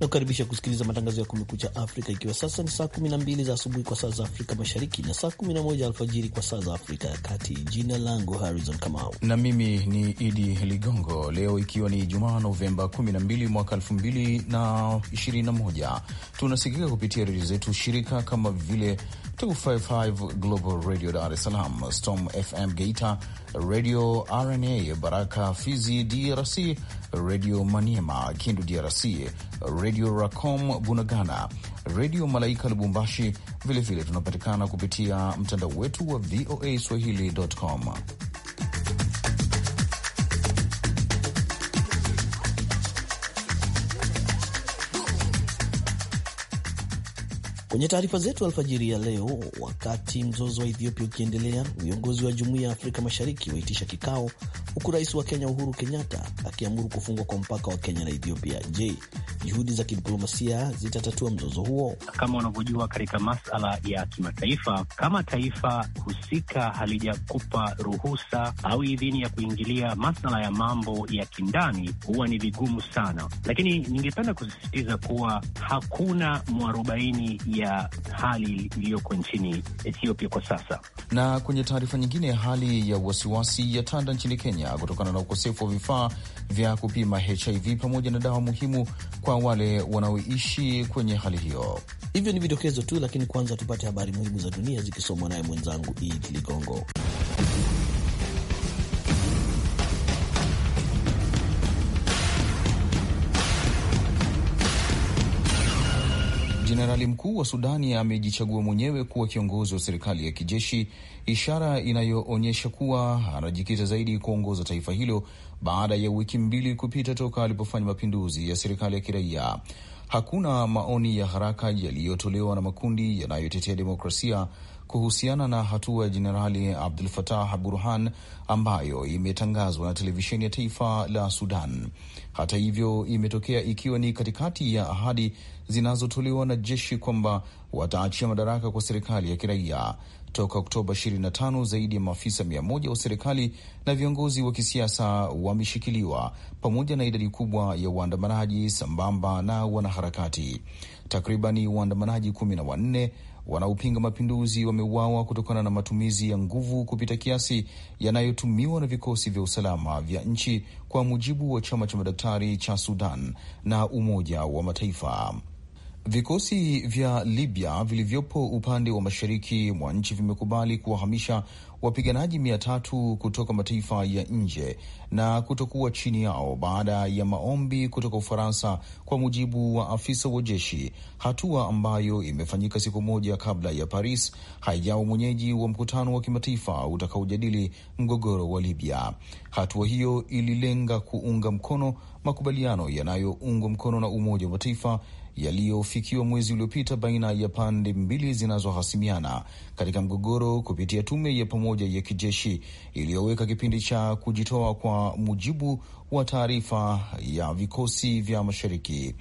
na kukaribisha kusikiliza matangazo ya Kumekucha Afrika, ikiwa sasa ni saa 12 za asubuhi kwa saa za Afrika Mashariki na saa 11 alfajiri kwa saa za Afrika ya Kati. Jina langu Harrison Kamau na mimi ni Idi Ligongo. Leo ikiwa ni Jumaa, Novemba 12 mwaka 2021, tunasikika kupitia redio zetu shirika kama vile 255 Global Radio Dar es Salaam, Storm FM Geita, Radio RNA Baraka Fizi DRC, Radio Maniema Kindu DRC, Radio Racom Bunagana, Radio Malaika Lubumbashi. Vilevile tunapatikana kupitia mtandao wetu wa VOA Swahili.com. Kwenye taarifa zetu alfajiri ya leo, wakati mzozo wa Ethiopia ukiendelea, viongozi wa Jumuiya ya Afrika Mashariki waitisha kikao huku rais wa Kenya Uhuru Kenyatta akiamuru kufungwa kwa mpaka wa Kenya na Ethiopia. Je, juhudi za kidiplomasia zitatatua mzozo huo? Kama unavyojua, katika masala ya kimataifa, kama taifa husika halijakupa ruhusa au idhini ya kuingilia masala ya mambo ya kindani, huwa ni vigumu sana, lakini ningependa kusisitiza kuwa hakuna mwarobaini ya hali iliyoko nchini Ethiopia kwa sasa. Na kwenye taarifa nyingine, hali ya wasiwasi ya tanda nchini Kenya Kenya kutokana na ukosefu wa vifaa vya kupima HIV pamoja na dawa muhimu kwa wale wanaoishi kwenye hali hiyo. Hivyo ni vidokezo tu, lakini kwanza tupate habari muhimu za dunia zikisomwa naye mwenzangu Idi Ligongo. Jenerali mkuu wa Sudani amejichagua mwenyewe kuwa kiongozi wa serikali ya kijeshi, ishara inayoonyesha kuwa anajikita zaidi kuongoza taifa hilo baada ya wiki mbili kupita toka alipofanya mapinduzi ya serikali ya kiraia. Hakuna maoni ya haraka yaliyotolewa na makundi yanayotetea demokrasia kuhusiana na hatua ya Jenerali Abdul Fatah Burhan ambayo imetangazwa na televisheni ya taifa la Sudan. Hata hivyo, imetokea ikiwa ni katikati ya ahadi zinazotolewa na jeshi kwamba wataachia madaraka kwa serikali ya kiraia. Toka Oktoba 25 zaidi ya maafisa 1 wa serikali na viongozi wa kisiasa wameshikiliwa pamoja na idadi kubwa ya waandamanaji sambamba na wanaharakati. Takribani waandamanaji kumi na wanne wanaopinga mapinduzi wameuawa kutokana na matumizi ya nguvu kupita kiasi yanayotumiwa na vikosi vya usalama vya nchi, kwa mujibu wa chama cha madaktari cha Sudan na Umoja wa Mataifa. Vikosi vya Libya vilivyopo upande wa mashariki mwa nchi vimekubali kuwahamisha wapiganaji mia tatu kutoka mataifa ya nje na kutokuwa chini yao baada ya maombi kutoka Ufaransa, kwa mujibu wa afisa wa jeshi, hatua ambayo imefanyika siku moja kabla ya Paris haijawa mwenyeji wa mkutano wa kimataifa utakaojadili mgogoro wa Libya. Hatua hiyo ililenga kuunga mkono makubaliano yanayoungwa mkono na Umoja wa Mataifa yaliyofikiwa mwezi uliopita baina ya pande mbili zinazohasimiana katika mgogoro kupitia tume ya pamoja ya kijeshi iliyoweka kipindi cha kujitoa, kwa mujibu wa taarifa ya vikosi vya mashariki.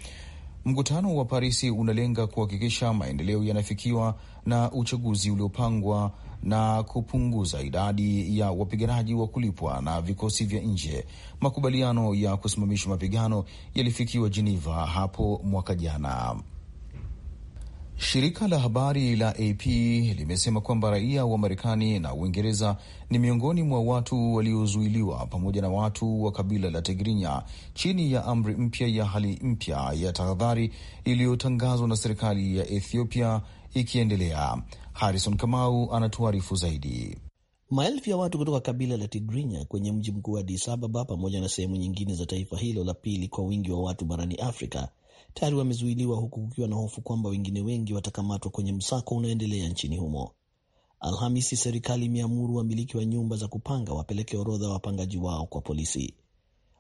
Mkutano wa Parisi unalenga kuhakikisha maendeleo yanafikiwa na uchaguzi uliopangwa na kupunguza idadi ya wapiganaji wa kulipwa na vikosi vya nje. Makubaliano ya kusimamisha mapigano yalifikiwa Geneva hapo mwaka jana. Shirika la habari la AP limesema kwamba raia wa Marekani na Uingereza ni miongoni mwa watu waliozuiliwa pamoja na watu wa kabila la Tigrinya chini ya amri mpya ya hali mpya ya tahadhari iliyotangazwa na serikali ya Ethiopia ikiendelea. Harrison Kamau anatuarifu zaidi. Maelfu ya watu kutoka kabila la Tigrinya kwenye mji mkuu wa Addis Ababa pamoja na sehemu nyingine za taifa hilo la pili kwa wingi wa watu barani Afrika tayari wamezuiliwa huku kukiwa na hofu kwamba wengine wengi watakamatwa kwenye msako unaendelea nchini humo. Alhamisi, serikali imeamuru wamiliki wa nyumba za kupanga wapeleke orodha wapangaji wao kwa polisi.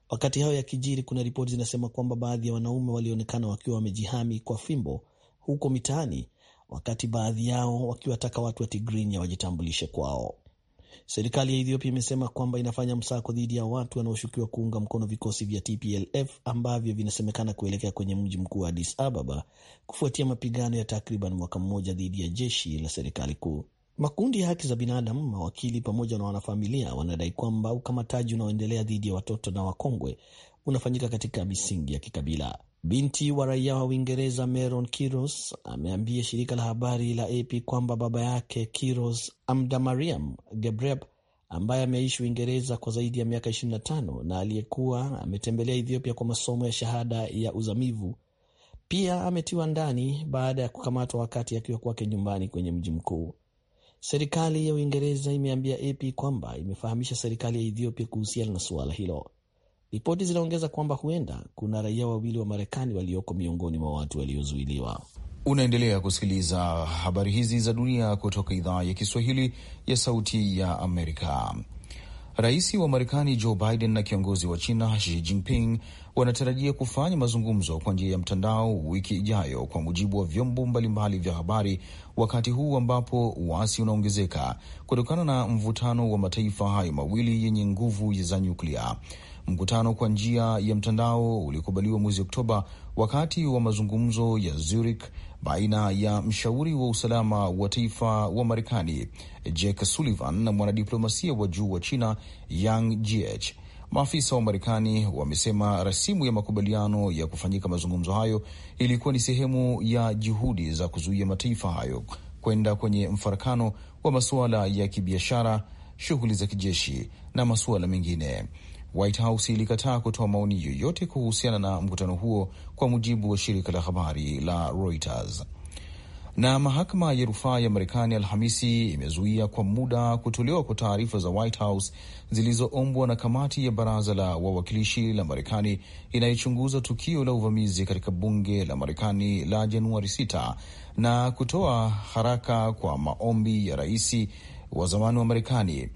Wakati hayo yakijiri, kuna ripoti zinasema kwamba baadhi ya wanaume walionekana wakiwa wamejihami kwa fimbo huko mitaani, wakati baadhi yao wakiwataka watu wa Tigrinya wajitambulishe kwao. Serikali ya Ethiopia imesema kwamba inafanya msako dhidi ya watu wanaoshukiwa kuunga mkono vikosi vya TPLF ambavyo vinasemekana kuelekea kwenye mji mkuu wa Addis Ababa kufuatia mapigano ya takriban mwaka mmoja dhidi ya jeshi la serikali kuu. Makundi ya haki za binadamu, mawakili pamoja na wanafamilia wanadai kwamba ukamataji unaoendelea dhidi ya watoto na wakongwe unafanyika katika misingi ya kikabila. Binti wa raia wa Uingereza Meron Kiros ameambia shirika la habari la AP kwamba baba yake Kiros Amdamariam Gebreb ambaye ameishi Uingereza kwa zaidi ya miaka 25 na aliyekuwa ametembelea Ethiopia kwa masomo ya shahada ya uzamivu pia ametiwa ndani baada ya kukamatwa wakati akiwa kwake nyumbani kwenye mji mkuu. Serikali ya Uingereza imeambia AP kwamba imefahamisha serikali ya Ethiopia kuhusiana na suala hilo. Ripoti zinaongeza kwamba huenda kuna raia wawili wa Marekani walioko miongoni mwa watu waliozuiliwa. Unaendelea kusikiliza habari hizi za dunia kutoka idhaa ya Kiswahili ya Sauti ya Amerika. Rais wa Marekani Joe Biden na kiongozi wa China Xi Jinping wanatarajia kufanya mazungumzo kwa njia ya mtandao wiki ijayo, kwa mujibu wa vyombo mbalimbali vya habari, wakati huu ambapo uasi unaongezeka kutokana na mvutano wa mataifa hayo mawili yenye nguvu za nyuklia. Mkutano kwa njia ya mtandao ulikubaliwa mwezi Oktoba wakati wa mazungumzo ya Zurich baina ya mshauri wa usalama wa taifa wa Marekani Jake Sullivan na mwanadiplomasia wa juu wa China Yang Jiechi. Maafisa wa Marekani wamesema rasimu ya makubaliano ya kufanyika mazungumzo hayo ilikuwa ni sehemu ya juhudi za kuzuia mataifa hayo kwenda kwenye mfarakano wa masuala ya kibiashara, shughuli za kijeshi na masuala mengine. White House ilikataa kutoa maoni yoyote kuhusiana na mkutano huo, kwa mujibu wa shirika la habari la Reuters. Na mahakama ya rufaa ya Marekani Alhamisi imezuia kwa muda kutolewa kwa taarifa za White House zilizoombwa na kamati ya baraza la wawakilishi la Marekani inayochunguza tukio la uvamizi katika bunge la Marekani la Januari 6 na kutoa haraka kwa maombi ya rais wa zamani wa Marekani.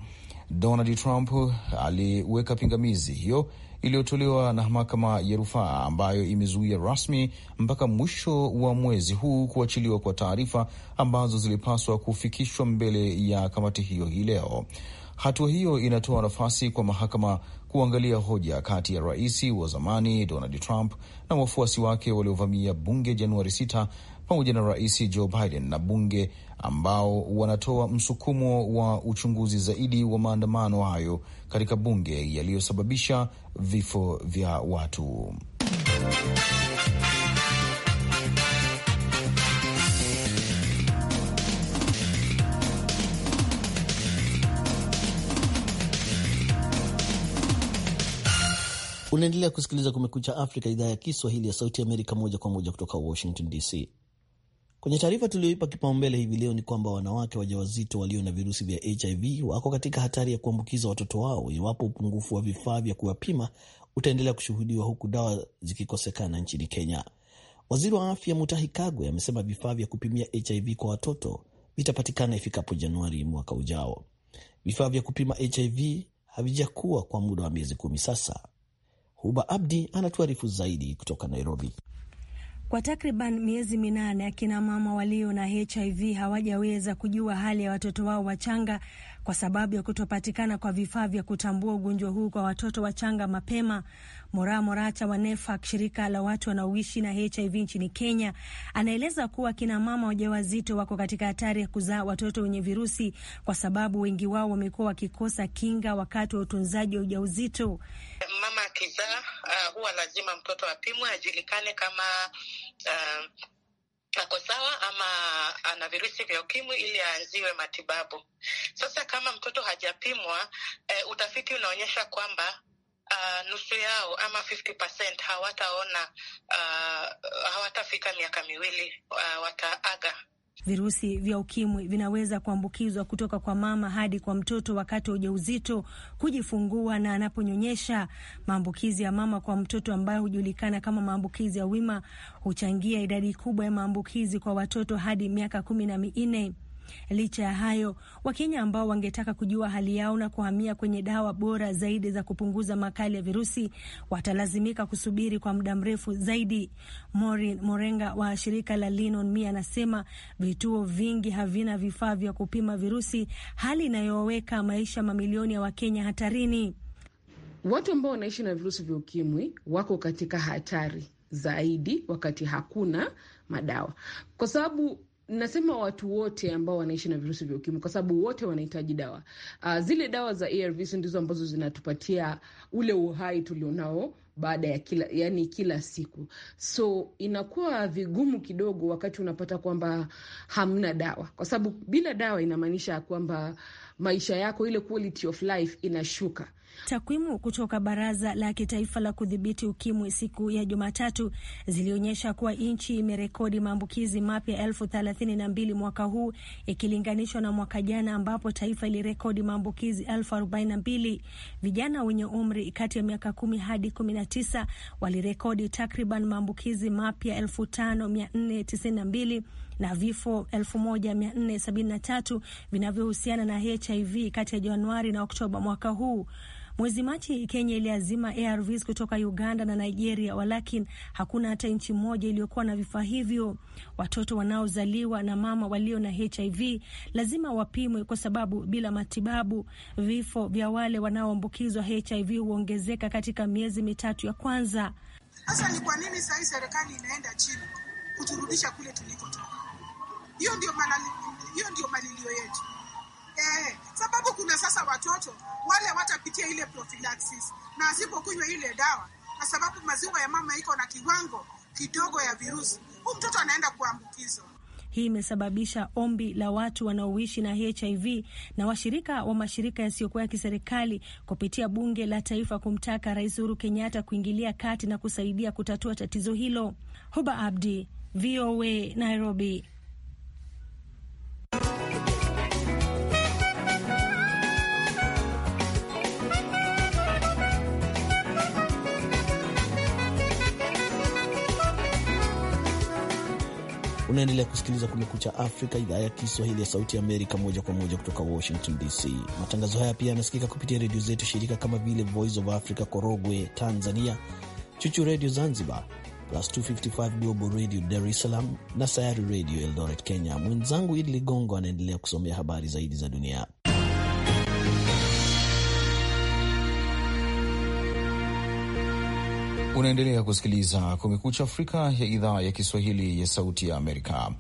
Donald Trump aliweka pingamizi hiyo iliyotolewa na mahakama ya rufaa ambayo imezuia rasmi mpaka mwisho wa mwezi huu kuachiliwa kwa taarifa ambazo zilipaswa kufikishwa mbele ya kamati hiyo hii leo. Hatua hiyo inatoa nafasi kwa mahakama kuangalia hoja kati ya rais wa zamani Donald Trump na wafuasi wake waliovamia bunge Januari 6 pamoja na Rais Joe Biden na bunge ambao wanatoa msukumo wa uchunguzi zaidi wa maandamano hayo katika bunge yaliyosababisha vifo vya watu. Unaendelea kusikiliza Kumekucha Afrika, idhaa ya Kiswahili ya Sauti ya Amerika, moja kwa moja kutoka Washington DC. Kwenye taarifa tuliyoipa kipaumbele hivi leo ni kwamba wanawake wajawazito walio na virusi vya HIV wako katika hatari ya kuambukiza watoto wao iwapo upungufu wa vifaa vya kuwapima utaendelea kushuhudiwa huku dawa zikikosekana nchini Kenya. Waziri wa afya Mutahi Kagwe amesema vifaa vya kupimia HIV kwa watoto vitapatikana ifikapo Januari mwaka ujao. Vifaa vya kupima HIV havijakuwa kwa muda wa miezi kumi sasa. Huba Abdi anatuarifu zaidi kutoka Nairobi. Kwa takriban miezi minane akina mama walio na HIV hawajaweza kujua hali ya watoto wao wachanga kwa sababu ya kutopatikana kwa vifaa vya kutambua ugonjwa huu kwa watoto wachanga mapema. Mora Moracha wa NEFAK, shirika la watu wanaoishi na HIV nchini Kenya, anaeleza kuwa kina mama wajawazito wako katika hatari ya kuzaa watoto wenye virusi kwa sababu wengi wao wamekuwa wakikosa kinga wakati wa utunzaji wa ujauzito. Mama akizaa, uh, huwa lazima mtoto apimwe ajulikane kama uh, ako sawa ama ana virusi vya ukimwi ili aanziwe matibabu. Sasa kama mtoto hajapimwa eh, utafiti unaonyesha kwamba uh, nusu yao ama 50% hawataona uh, hawatafika miaka miwili uh, wataaga Virusi vya ukimwi vinaweza kuambukizwa kutoka kwa mama hadi kwa mtoto wakati wa ujauzito, kujifungua na anaponyonyesha. Maambukizi ya mama kwa mtoto ambayo hujulikana kama maambukizi ya wima huchangia idadi kubwa ya maambukizi kwa watoto hadi miaka kumi na minne. Licha ya hayo, Wakenya ambao wangetaka kujua hali yao na kuhamia kwenye dawa bora zaidi za kupunguza makali ya virusi watalazimika kusubiri kwa muda mrefu zaidi. Maureen Morenga wa shirika la Linon Me anasema vituo vingi havina vifaa vya kupima virusi, hali inayoweka maisha mamilioni ya Wakenya hatarini. Watu ambao wanaishi na virusi vya ukimwi wako katika hatari zaidi wakati hakuna madawa, kwa sababu nasema watu wote ambao wanaishi na virusi vya ukimwi, kwa sababu wote wanahitaji dawa. Uh, zile dawa za ARVs ndizo ambazo zinatupatia ule uhai tulionao baada ya kila yani kila siku, so inakuwa vigumu kidogo wakati unapata kwamba hamna dawa, kwa sababu bila dawa inamaanisha kwamba maisha yako ile quality of life inashuka. Takwimu kutoka Baraza la Kitaifa la Kudhibiti Ukimwi siku ya Jumatatu zilionyesha kuwa nchi imerekodi maambukizi mapya elfu thelathini na mbili mwaka huu ikilinganishwa na mwaka jana ambapo taifa ilirekodi maambukizi elfu arobaini na mbili. Vijana wenye umri kati ya miaka kumi hadi kumi na tisa walirekodi takriban maambukizi mapya elfu tano mia nne tisini na mbili na vifo 1473 vinavyohusiana na HIV kati ya Januari na Oktoba mwaka huu. Mwezi Machi, Kenya iliazima ARVs kutoka Uganda na Nigeria, walakin hakuna hata nchi moja iliyokuwa na vifaa hivyo. Watoto wanaozaliwa na mama walio na HIV lazima wapimwe, kwa sababu bila matibabu vifo vya wale wanaoambukizwa HIV huongezeka katika miezi mitatu ya kwanza. Sasa ni kwa nini sahii serikali inaenda chini kuturudisha kule tulikotoka? Hiyo ndio malilio yetu eh, sababu kuna sasa watoto wale watapitia ile prophylaxis na asipokunywa ile dawa, kwa sababu maziwa ya mama iko na kiwango kidogo ya virusi, huu mtoto anaenda kuambukizwa. Hii imesababisha ombi la watu wanaoishi na HIV na washirika wa mashirika yasiyokuwa ya kiserikali kupitia bunge la taifa kumtaka Rais Uhuru Kenyatta kuingilia kati na kusaidia kutatua tatizo hilo. Huba Abdi, VOA, Nairobi. Unaendelea kusikiliza Kumekucha Afrika, idhaa ya Kiswahili ya Sauti Amerika, moja kwa moja kutoka Washington DC. Matangazo haya pia yanasikika kupitia redio zetu shirika kama vile Voice of Africa Korogwe Tanzania, Chuchu Redio Zanzibar, Plus 255 Global Radio Dar es Salaam na Sayari radio Eldoret Kenya. Mwenzangu Idi Ligongo anaendelea kusomea habari zaidi za dunia. Unaendelea kusikiliza Kumekucha Afrika ya idhaa ya Kiswahili ya Sauti ya Amerika.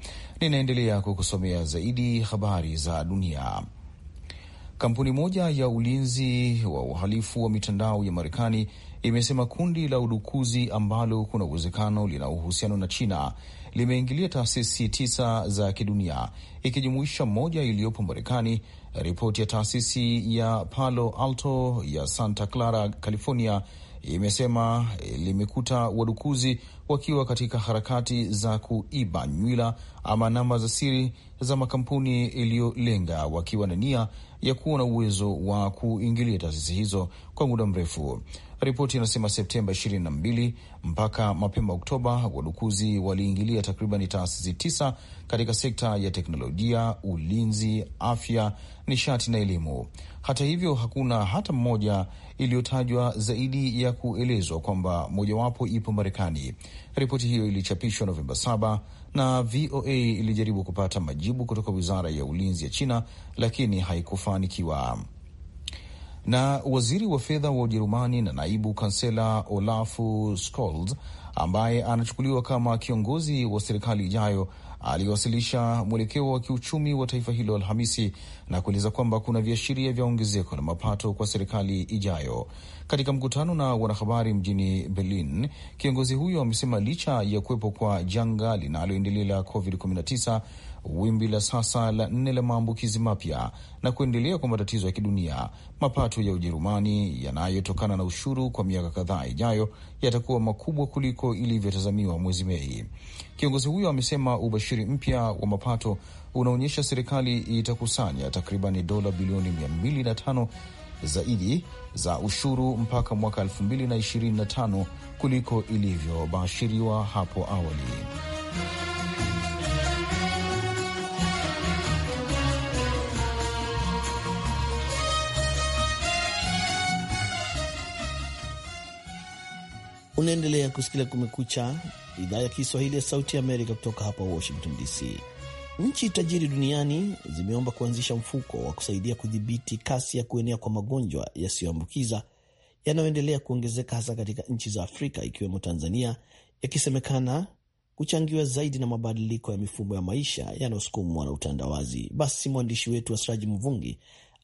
Ninaendelea kukusomea zaidi habari za dunia. Kampuni moja ya ulinzi wa uhalifu wa mitandao ya Marekani imesema kundi la udukuzi ambalo kuna uwezekano lina uhusiano na China limeingilia taasisi tisa za kidunia ikijumuisha moja iliyopo Marekani. Ripoti ya taasisi ya Palo Alto ya Santa Clara, California imesema limekuta wadukuzi wakiwa katika harakati za kuiba nywila ama namba za siri za makampuni iliyolenga, wakiwa na nia ya kuwa na uwezo wa kuingilia taasisi hizo kwa muda mrefu. Ripoti inasema Septemba 22 mpaka mapema Oktoba, wadukuzi waliingilia takriban taasisi tisa katika sekta ya teknolojia, ulinzi, afya, nishati na elimu. Hata hivyo, hakuna hata mmoja iliyotajwa zaidi ya kuelezwa kwamba mojawapo ipo Marekani. Ripoti hiyo ilichapishwa Novemba 7 na VOA ilijaribu kupata majibu kutoka wizara ya ulinzi ya China, lakini haikufanikiwa na waziri wa fedha wa Ujerumani na naibu kansela Olaf Scholz ambaye anachukuliwa kama kiongozi wa serikali ijayo aliwasilisha mwelekeo wa kiuchumi wa taifa hilo Alhamisi na kueleza kwamba kuna viashiria vya ongezeko la mapato kwa serikali ijayo. Katika mkutano na wanahabari mjini Berlin, kiongozi huyo amesema licha ya kuwepo kwa janga linaloendelea la COVID-19, wimbi la sasa la nne la maambukizi mapya na kuendelea kwa matatizo ya kidunia, mapato ya Ujerumani yanayotokana na ushuru kwa miaka kadhaa ijayo yatakuwa makubwa kuliko ilivyotazamiwa mwezi Mei. Kiongozi huyo amesema ubashiri mpya wa mapato unaonyesha serikali itakusanya takriban dola bilioni 205 zaidi za ushuru mpaka mwaka 2025 kuliko ilivyobashiriwa hapo awali. Unaendelea kusikiliza Kumekucha, idhaa ya Kiswahili ya Sauti ya Amerika kutoka hapa Washington DC. Nchi tajiri duniani zimeomba kuanzisha mfuko wa kusaidia kudhibiti kasi ya kuenea kwa magonjwa yasiyoambukiza yanayoendelea kuongezeka hasa katika nchi za Afrika ikiwemo Tanzania, yakisemekana kuchangiwa zaidi na mabadiliko ya mifumo ya maisha yanayosukumwa na utandawazi. Basi mwandishi wetu Asraji Mvungi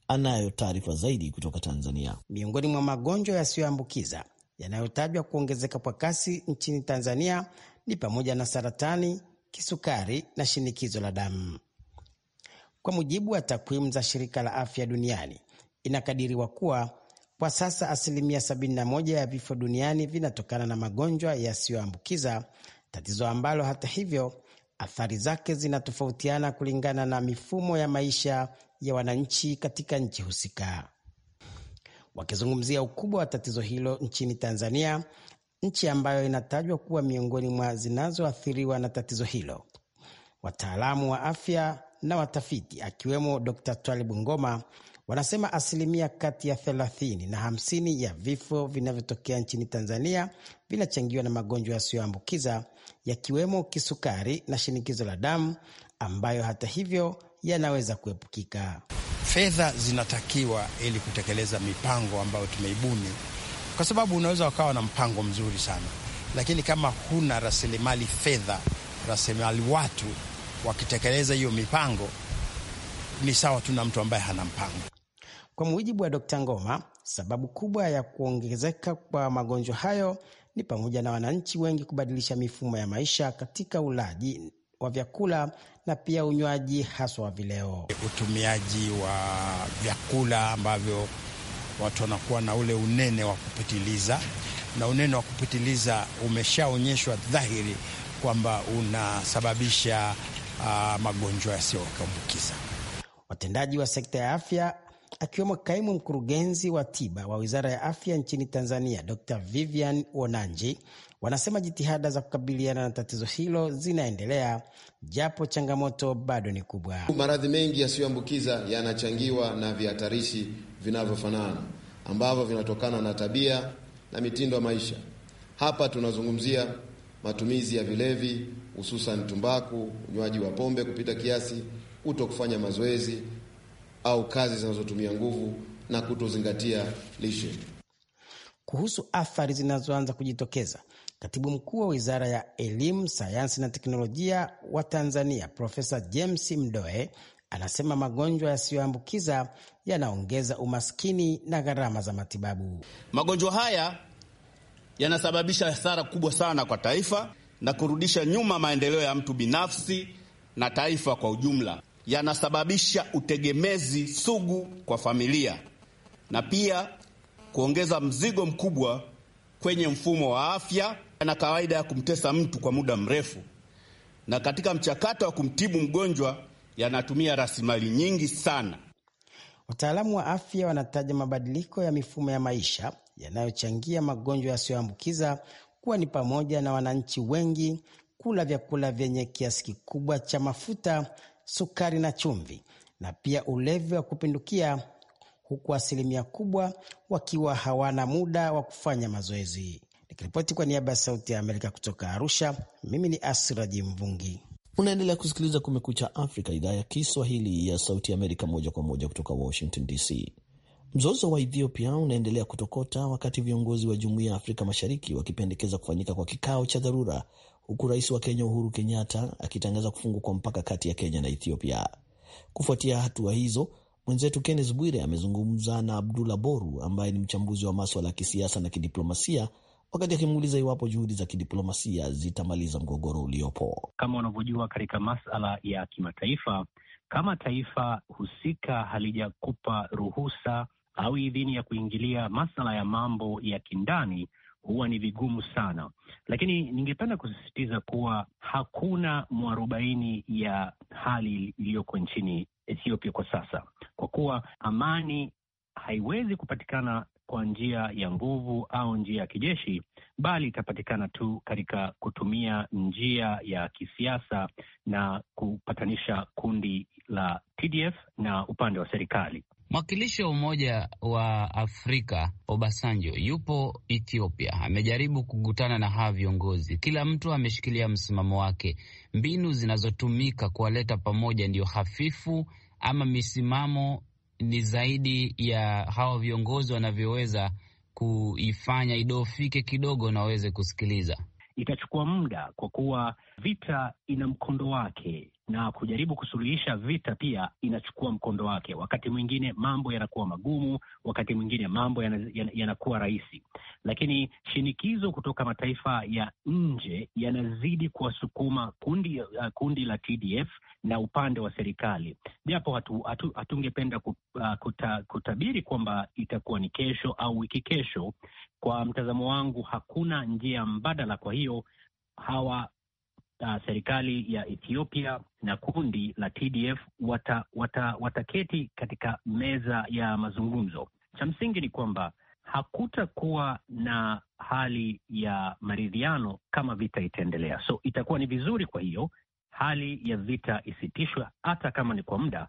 anayo taarifa zaidi kutoka Tanzania. Miongoni mwa magonjwa yasiyoambukiza yanayotajwa kuongezeka kwa kasi nchini Tanzania ni pamoja na saratani, kisukari na shinikizo la damu. Kwa mujibu wa takwimu za shirika la afya duniani, inakadiriwa kuwa kwa sasa asilimia 71 ya vifo duniani vinatokana na magonjwa yasiyoambukiza, tatizo ambalo hata hivyo athari zake zinatofautiana kulingana na mifumo ya maisha ya wananchi katika nchi husika. Wakizungumzia ukubwa wa tatizo hilo nchini Tanzania, nchi ambayo inatajwa kuwa miongoni mwa zinazoathiriwa na tatizo hilo. Wataalamu wa afya na watafiti akiwemo Dr. Twalibu Ngoma wanasema asilimia kati ya thelathini na 50 ya vifo vinavyotokea nchini Tanzania vinachangiwa na magonjwa yasiyoambukiza yakiwemo kisukari na shinikizo la damu ambayo hata hivyo yanaweza kuepukika. Fedha zinatakiwa ili kutekeleza mipango ambayo tumeibuni kwa sababu unaweza ukawa na mpango mzuri sana, lakini kama huna rasilimali fedha, rasilimali watu wakitekeleza hiyo mipango, ni sawa tu na mtu ambaye hana mpango. Kwa mujibu wa Dkt. Ngoma, sababu kubwa ya kuongezeka kwa magonjwa hayo ni pamoja na wananchi wengi kubadilisha mifumo ya maisha katika ulaji wa vyakula na pia unywaji haswa vileo. Utumiaji wa vyakula ambavyo watu wanakuwa na ule unene wa kupitiliza, na unene wa kupitiliza umeshaonyeshwa dhahiri kwamba unasababisha uh, magonjwa yasiyoambukiza. Watendaji wa sekta ya afya akiwemo kaimu mkurugenzi wa tiba wa wizara ya afya nchini Tanzania, Dr Vivian Wonanji, wanasema jitihada za kukabiliana na tatizo hilo zinaendelea, japo changamoto bado ni kubwa. Maradhi mengi yasiyoambukiza yanachangiwa na vihatarishi vinavyofanana ambavyo vinatokana na tabia na mitindo ya maisha. Hapa tunazungumzia matumizi ya vilevi, hususan tumbaku, unywaji wa pombe kupita kiasi, kuto kufanya mazoezi au kazi zinazotumia nguvu na kutozingatia lishe. Kuhusu athari zinazoanza kujitokeza, katibu mkuu wa wizara ya elimu, sayansi na teknolojia wa Tanzania Profesa James Mdoe anasema magonjwa yasiyoambukiza yanaongeza umaskini na gharama za matibabu. Magonjwa haya yanasababisha hasara kubwa sana kwa taifa na kurudisha nyuma maendeleo ya mtu binafsi na taifa kwa ujumla. Yanasababisha utegemezi sugu kwa familia na pia kuongeza mzigo mkubwa kwenye mfumo wa afya, na kawaida ya kumtesa mtu kwa muda mrefu, na katika mchakato wa kumtibu mgonjwa yanatumia rasilimali nyingi sana. Wataalamu wa afya wanataja mabadiliko ya mifumo ya maisha yanayochangia magonjwa yasiyoambukiza kuwa ni pamoja na wananchi wengi kula vyakula vyenye kiasi kikubwa cha mafuta, sukari na chumvi, na pia ulevi wa kupindukia, huku asilimia kubwa wakiwa hawana muda wa kufanya mazoezi. Nikiripoti kwa niaba ya Sauti ya Amerika kutoka Arusha, mimi ni Asraji Mvungi. Unaendelea kusikiliza Kumekucha Afrika, idhaa ya Kiswahili ya Sauti Amerika, moja kwa moja kutoka Washington DC. Mzozo wa Ethiopia unaendelea kutokota wakati viongozi wa Jumuiya ya Afrika Mashariki wakipendekeza kufanyika kwa kikao cha dharura, huku rais wa Kenya Uhuru Kenyatta akitangaza kufungwa kwa mpaka kati ya Kenya na Ethiopia. Kufuatia hatua hizo, mwenzetu Kennes Bwire amezungumza na Abdullah Boru ambaye ni mchambuzi wa maswala ya kisiasa na kidiplomasia wakati akimuuliza iwapo juhudi za kidiplomasia zitamaliza mgogoro uliopo. Kama unavyojua, katika masala ya kimataifa, kama taifa husika halijakupa ruhusa au idhini ya kuingilia masala ya mambo ya kindani huwa ni vigumu sana, lakini ningependa kusisitiza kuwa hakuna mwarobaini ya hali iliyoko nchini Ethiopia kwa sasa, kwa kuwa amani haiwezi kupatikana kwa njia ya nguvu au njia ya kijeshi, bali itapatikana tu katika kutumia njia ya kisiasa na kupatanisha kundi la TDF na upande wa serikali. Mwakilishi wa Umoja wa Afrika Obasanjo yupo Ethiopia, amejaribu kukutana na hawa viongozi. Kila mtu ameshikilia msimamo wake. Mbinu zinazotumika kuwaleta pamoja ndiyo hafifu ama misimamo ni zaidi ya hawa viongozi wanavyoweza kuifanya idofike kidogo na waweze kusikiliza. Itachukua muda kwa kuwa vita ina mkondo wake na kujaribu kusuluhisha vita pia inachukua mkondo wake. Wakati mwingine mambo yanakuwa magumu, wakati mwingine mambo yanakuwa rahisi, lakini shinikizo kutoka mataifa ya nje yanazidi kuwasukuma kundi, uh, kundi la TDF na upande wa serikali, japo hatungependa hatu, uh, kuta, kutabiri kwamba itakuwa ni kesho au wiki kesho. Kwa mtazamo wangu, hakuna njia mbadala. Kwa hiyo hawa uh, serikali ya Ethiopia na kundi la TDF wataketi wata, wata katika meza ya mazungumzo. Cha msingi ni kwamba hakutakuwa na hali ya maridhiano kama vita itaendelea, so itakuwa ni vizuri, kwa hiyo hali ya vita isitishwe hata kama ni kwa muda,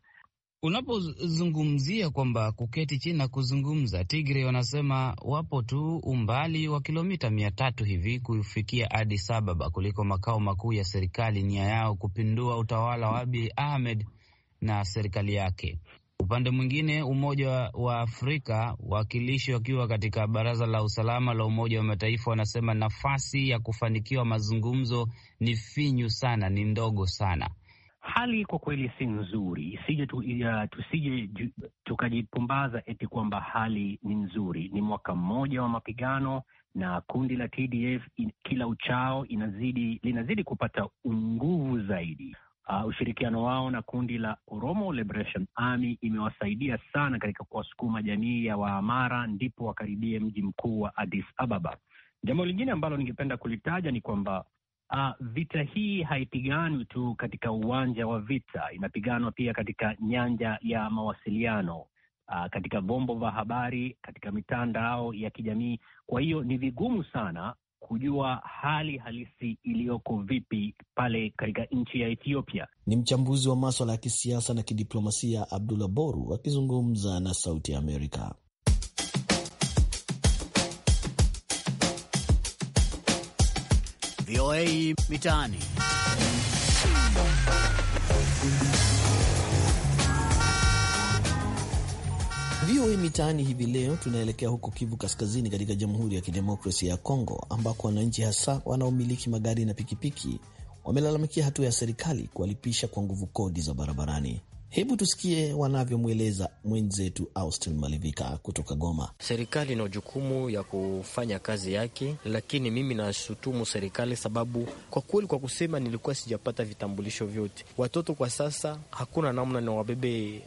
Unapozungumzia kwamba kuketi chini na kuzungumza, Tigre wanasema wapo tu umbali wa kilomita mia tatu hivi kufikia Addis Ababa kuliko makao makuu ya serikali, nia yao kupindua utawala wa Abiy Ahmed na serikali yake. Upande mwingine, Umoja wa Afrika wawakilishi wakiwa katika Baraza la Usalama la Umoja wa Mataifa wanasema nafasi ya kufanikiwa mazungumzo ni finyu sana, ni ndogo sana hali kwa kweli si nzuri, isije tu, tusije tukajipumbaza eti kwamba hali ni nzuri. Ni mwaka mmoja wa mapigano na kundi la TDF in, kila uchao inazidi linazidi kupata nguvu zaidi. Uh, ushirikiano wao na kundi la Oromo Liberation Army imewasaidia sana katika kuwasukuma jamii ya Waamara ndipo wakaribie mji mkuu wa Addis Ababa. Jambo lingine ambalo ningependa kulitaja ni kwamba Uh, vita hii haipiganwi tu katika uwanja wa vita, inapiganwa pia katika nyanja ya mawasiliano, uh, katika vyombo vya habari, katika mitandao ya kijamii. Kwa hiyo ni vigumu sana kujua hali halisi iliyoko vipi pale katika nchi ya Ethiopia. Ni mchambuzi wa maswala ya kisiasa na kidiplomasia Abdullah Boru akizungumza na Sauti ya Amerika. VOA Mitaani. VOA Mitaani hivi leo tunaelekea huko Kivu Kaskazini, katika Jamhuri ya Kidemokrasia ya Kongo, ambako wananchi hasa wanaomiliki magari na pikipiki wamelalamikia hatua ya serikali kuwalipisha kwa nguvu kodi za barabarani. Hebu tusikie wanavyomweleza mwenzetu Austin Malivika kutoka Goma. Serikali ina jukumu ya kufanya kazi yake, lakini mimi nashutumu serikali sababu, kwa kweli, kwa kusema, nilikuwa sijapata vitambulisho vyote. Watoto kwa sasa hakuna namna na wabebe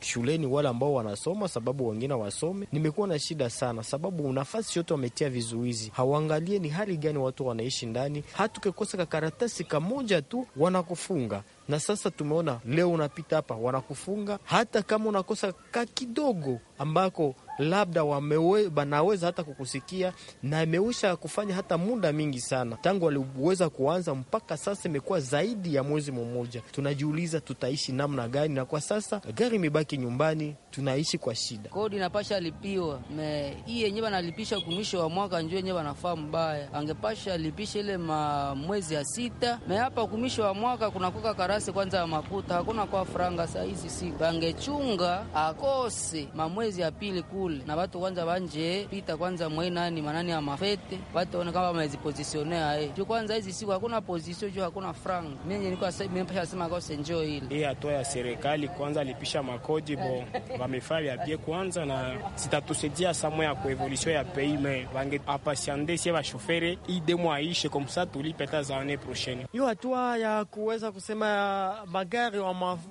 shuleni, wale ambao wanasoma, sababu wengine wasome. Nimekuwa na shida sana, sababu nafasi yote wametia vizuizi, hawaangalie ni hali gani watu wanaishi ndani. Hatukekosa kakaratasi kamoja tu wanakufunga na sasa tumeona leo unapita hapa wanakufunga, hata kama unakosa ka kidogo ambako labda wamewe, banaweza hata kukusikia na imewisha kufanya hata muda mingi sana tangu waliweza kuanza mpaka sasa, imekuwa zaidi ya mwezi mmoja. Tunajiuliza tutaishi namna gani? Na kwa sasa gari imebaki nyumbani, tunaishi kwa shida. Kodi napasha lipiwa me hii yenyewe banalipisha kumwisho wa mwaka, njoo yenyewe banafaa mbaya, angepasha lipisha ile ma mwezi ya sita me hapa kumwisho wa mwaka kunakoka karasi kwanza ya makuta hakuna kwa franga saa hizi, si bangechunga akose mamwezi mwezi ya pili kule na watu kwanza banje pita kwanza mwei nani manani ya mafete watu ona kama wameziposisionea eh, juu kwanza hizi siku hakuna position juu hakuna frank Mimi nilikuwa mimi sema kwa senjo ile hii hatua ya serikali kwanza lipisha makodi bo wamefanya bie kwanza na sitatusaidia samwe ya kuevolution ya payment bange apasiande sie ba shofere ide mwaishe comme ça tulipe ta za année prochaine. Hiyo hatua ya kuweza kusema magari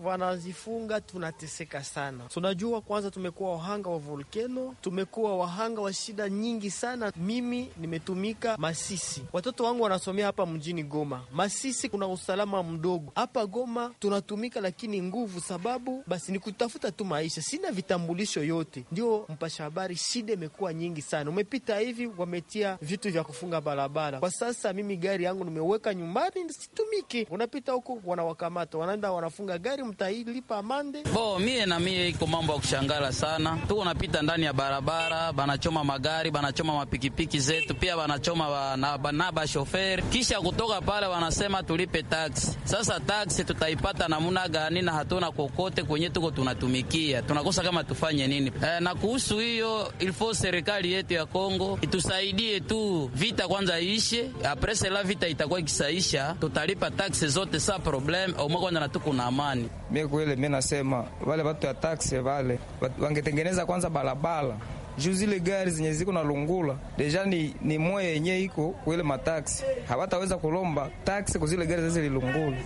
wanazifunga, tunateseka sana. Tunajua kwanza tumekuwa wahanga wa volkeno, tumekuwa wahanga wa shida nyingi sana. Mimi nimetumika Masisi, watoto wangu wanasomea hapa mjini Goma. Masisi kuna usalama mdogo, hapa Goma tunatumika lakini nguvu, sababu basi ni kutafuta tu maisha. Sina vitambulisho yote, ndio mpasha habari. Shida imekuwa nyingi sana, umepita hivi wametia vitu vya kufunga barabara. Kwa sasa mimi gari yangu nimeweka nyumbani, situmiki. Unapita huku wanawakamata, wanaenda wanafunga gari, mtailipa amande bo. Mie na mie iko mambo ya kushangala sana tu unapita ndani ya barabara, banachoma magari, banachoma mapikipiki zetu, pia banachoma banaba shoferi. Kisha kutoka pale wanasema tulipe taksi. Sasa taksi tutaipata namuna gani? na hatuna kokote kwenye tuko tunatumikia, tunakosa kama tufanye nini? E, na kuhusu hiyo ilfo serikali yetu ya Kongo itusaidie tu, vita kwanza ishe, aprese la vita itakuwa ikisaisha, tutalipa taksi zote sa problem mwa kwanza tuko na amani. Mimi kweli mimi nasema wale watu ya taksi wale wangetengeneza kutengeneza kwanza barabara juu zile gari zenye ziko na lungula deja ni, ni moya yenye iko kuile mataksi hawataweza kulomba taksi kuzile gari zazi lilungule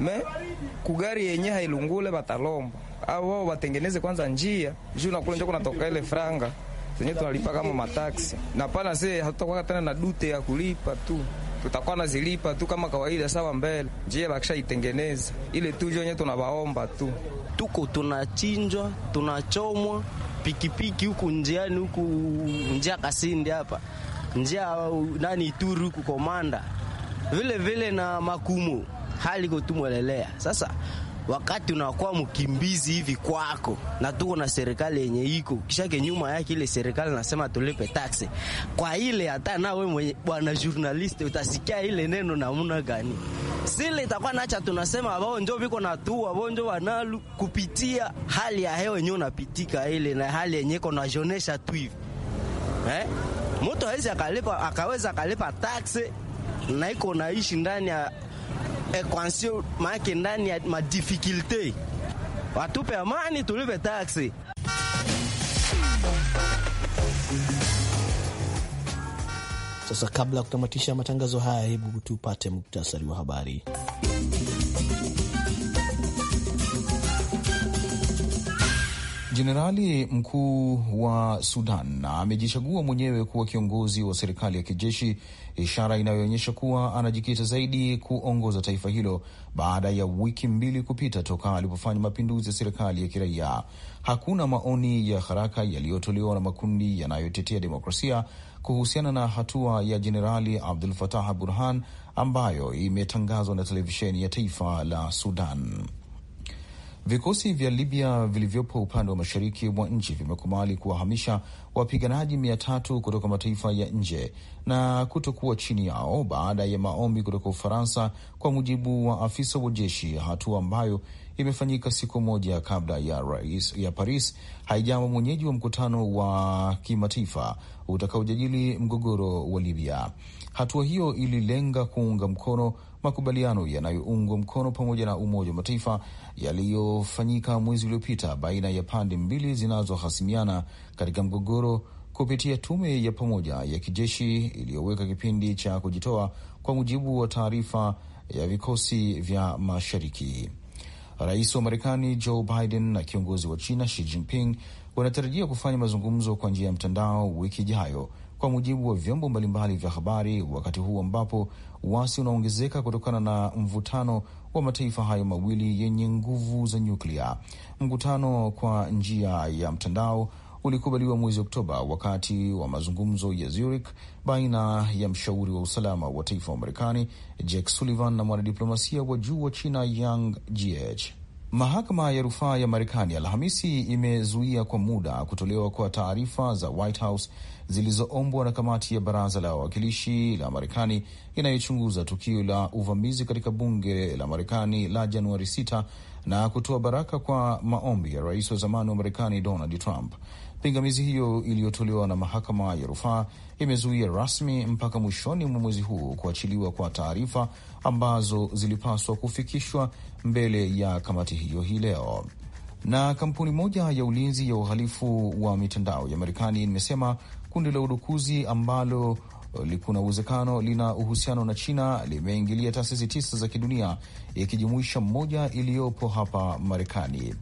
me kugari yenye hailungule batalomba au wao watengeneze kwanza njia juu nakule njo kunatoka ile franga zenye tunalipa kama mataksi na pana se hatutakuwa tena na dute ya kulipa tu tutakuwa na zilipa tu kama kawaida sawa mbele njia bakisha itengeneza ile tu jonye tunabaomba tu tuko tunachinjwa, tunachomwa pikipiki huku njiani, huku njia Kasindi hapa njia nani Ituri huku Komanda, vile vile na Makumo, hali kutumwelelea sasa wakati unakuwa mkimbizi hivi kwako, na tuko na serikali yenye iko kisha ke nyuma yake ile serikali nasema tulipe taksi kwa ile, hata na we mwenye bwana journalist utasikia ile neno namna gani, sile itakuwa nacha tunasema wao njo viko na tu wao njo wanalu kupitia hali ya hewa yenyewe unapitika ile na hali yenye iko na jonesha tu hivi eh, mtu hawezi akalipa akaweza akalipa taksi na iko naishi ndani ya equation eh, maake ndani ya madifikulte, watupe amani, tulipe taksi. Sasa kabla ya kutamatisha matangazo haya, hebu tupate muktasari wa habari. Jenerali mkuu wa Sudan amejichagua mwenyewe kuwa kiongozi wa serikali ya kijeshi, ishara inayoonyesha kuwa anajikita zaidi kuongoza taifa hilo baada ya wiki mbili kupita toka alipofanya mapinduzi ya serikali ya kiraia. Hakuna maoni ya haraka yaliyotolewa na makundi yanayotetea demokrasia kuhusiana na hatua ya Jenerali Abdul Fatah Burhan ambayo imetangazwa na televisheni ya taifa la Sudan. Vikosi vya Libya vilivyopo upande wa mashariki mwa nchi vimekubali kuwahamisha wapiganaji mia tatu kutoka mataifa ya nje na kutokuwa chini yao baada ya maombi kutoka Ufaransa, kwa mujibu wa afisa wa jeshi, hatua ambayo imefanyika siku moja kabla ya rais ya Paris haijawa mwenyeji wa mkutano wa kimataifa utakaojadili mgogoro wa Libya. Hatua hiyo ililenga kuunga mkono makubaliano yanayoungwa mkono pamoja na Umoja wa Mataifa yaliyofanyika mwezi uliopita baina ya pande mbili zinazohasimiana katika mgogoro kupitia tume ya pamoja ya kijeshi iliyoweka kipindi cha kujitoa, kwa mujibu wa taarifa ya vikosi vya mashariki. Rais wa Marekani Joe Biden na kiongozi wa China Xi Jinping wanatarajia kufanya mazungumzo kwa njia ya mtandao wiki ijayo kwa mujibu wa vyombo mbalimbali vya habari, wakati huu ambapo wasi unaongezeka kutokana na mvutano wa mataifa hayo mawili yenye nguvu za nyuklia. Mkutano kwa njia ya mtandao ulikubaliwa mwezi Oktoba wakati wa mazungumzo ya Zurich baina ya mshauri wa usalama wa taifa wa Marekani Jake Sullivan na mwanadiplomasia wa juu wa China Yang Jiechi. Mahakama ya rufaa ya Marekani Alhamisi imezuia kwa muda kutolewa kwa taarifa za White House zilizoombwa na kamati ya baraza la wawakilishi la Marekani inayochunguza tukio la uvamizi katika bunge la Marekani la Januari 6 na kutoa baraka kwa maombi ya rais wa zamani wa Marekani Donald Trump. Pingamizi hiyo iliyotolewa na mahakama ya rufaa imezuia rasmi mpaka mwishoni mwa mwezi huu kuachiliwa kwa taarifa ambazo zilipaswa kufikishwa mbele ya kamati hiyo hii leo. Na kampuni moja ya ulinzi ya uhalifu wa mitandao ya Marekani imesema kundi la udukuzi ambalo kuna uwezekano lina uhusiano na China limeingilia taasisi tisa za kidunia ikijumuisha moja iliyopo hapa Marekani.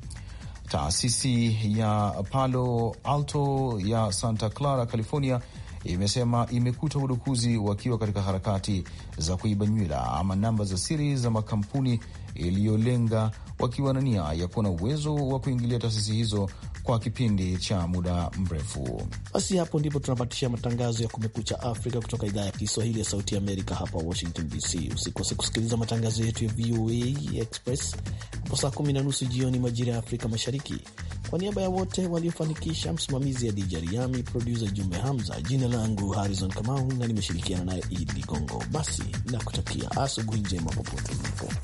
Taasisi ya Palo Alto ya Santa Clara, California imesema imekuta udukuzi wakiwa katika harakati za kuiba nywila ama namba za siri za makampuni iliyolenga wakiwa na nia ya kuwa na uwezo wa kuingilia taasisi hizo kwa kipindi cha muda mrefu. Basi hapo ndipo tunapatisha matangazo ya Kumekucha Afrika kutoka idhaa ya Kiswahili ya Sauti Amerika hapa Washington DC. Usikose kusikiliza matangazo yetu ya VOA Express hapo saa kumi na nusu jioni majira ya Afrika Mashariki. Kwa niaba ya wote waliofanikisha, msimamizi ya Dija Riami, produsa Jumbe Hamza, jina langu Harrison Kamau na nimeshirikiana naye Idi Ligongo. Basi nakutakia asubuhi njema popote ulipo.